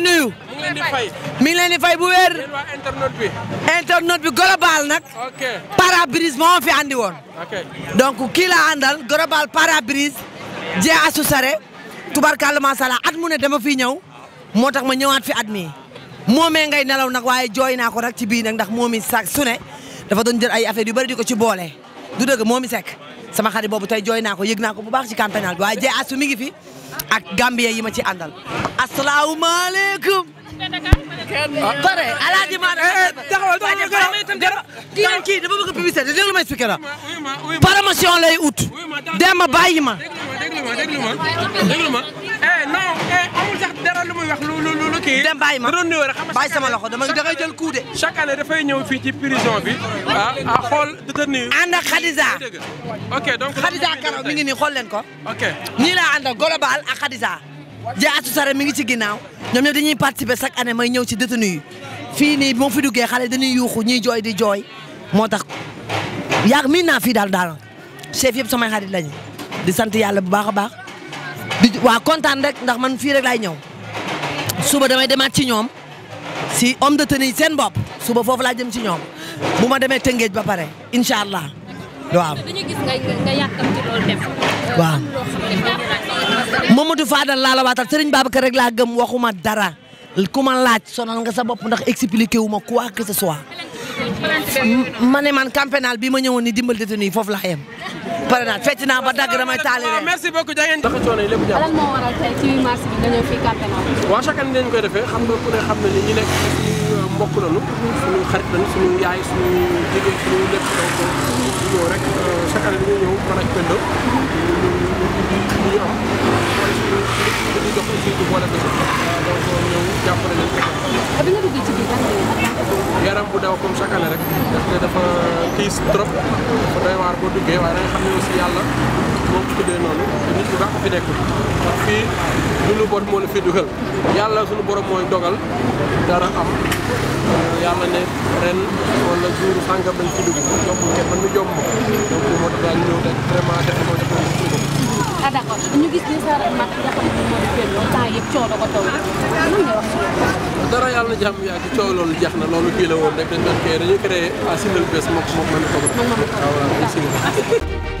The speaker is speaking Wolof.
nuyu mu ngi leen di fay mi ngi leen di fay bu wér internet bi internet bi global nag parabrise moo fi andi woon donc kii la àndal global parabrise jee asu sare tubarkalla masala at mu ne dama fi ñëw moo ma ñëwaat fi at mii moomee ngay nelaw nag waaye jooy naa ko rek ci bii nag ndax moomi sax su ne dafa doon jël ay affaire yu bëri di ci boole du dëgg moomi sekk sama xarit boobu tey joy naa ko yëg naa ko bu baax ci campagnat bi waaye asu mi ngi fi ak Gambia yi ma ci àndal. asalaamaaleykum. Ah, pare alaaji maa eh, eh, taxawal taxawal kii dafa bëgg publicité déglu ma expliqué la promotion lay ut. dem ma bàyyi ma. déglu ma déglu ma déglu ma. Eh, non amul sax dara lu muy wax lu kii dem bàyyi ma bàyyi sama loxo dama da ngay jël kuude chaque année dafay ñëw fii ci prison bi ah, ah xool détenu ànd ak Khadija ok donc Khadija Karo mi ngi nii xool leen ko ok ñii laa ànd ak Global ak Khadija jaa atu sare mi ngi ci ginnaaw ñoom ñoom dañuy participer chaque année may ñëw ci détenu yi fii nii moo fi duggee xale dañuy yuuxu ñuy jooy di jooy moo tax yaag miin naa fii daal daal chef yëpp samay xarit lañu di sant yàlla bu baax a baax di waa kontaan rek ndax man fii rek laay ñëw suba damay demaat ci ñoom si homme de tenue seen bopp suba foofu laa jëm ci ñoom bu ma demee Tëngéej ba pare incha allah waaw. dañu gis nga nga yàkkam ci def. waaw Mamadou Fadal laa la waatal Serigne Babacar rek laa gëm waxuma dara ku ma laaj sonal nga sa bopp ndax expliqué wu ma quoi que ce soit. ma ne man camp pénal bi ma ñëwoon ni dimbal détenu yi foofu laa yem. pare naa fecc naa ba dagg damay taali rek. merci beaucoup jaa ngeen. dafa coono yi lépp jàpp lan moo waral tey ci 8 mars bi nga ñëw fii camp pénal. waaw chaque année dañ koy defee xam nga ku ne xam na ni ñu nekk suñu euh, mbokk lañu. suñu xarit lañu suñu yaay suñu jigéen suñu lépp donc ñëw rek euh, chaque année taw comme chaque année rek parce que dafa tiis trop dafa doy waar boo duggee waaye da nga xam ne aussi yàlla moom tuddee noonu te nit ñi baax ko fi nekk fii du lu bon moo la fi dugal yàlla suñu borom mooy dogal dara am euh, yàlla ne ren wala jour sàngam lañ ci dugg yombul kenn man mi jom ma donc moo tax daal ñëw rek vraiment def moo def ko ah d'accord ñu gis ne coow da ko taw lan nga wax dara yàlla na jàmm yàgg coow loolu jeex na loolu kii la woon de dañ doon créé dañuy créé à ah, Singel moom moom mën na ko. mën na ko waaw waaw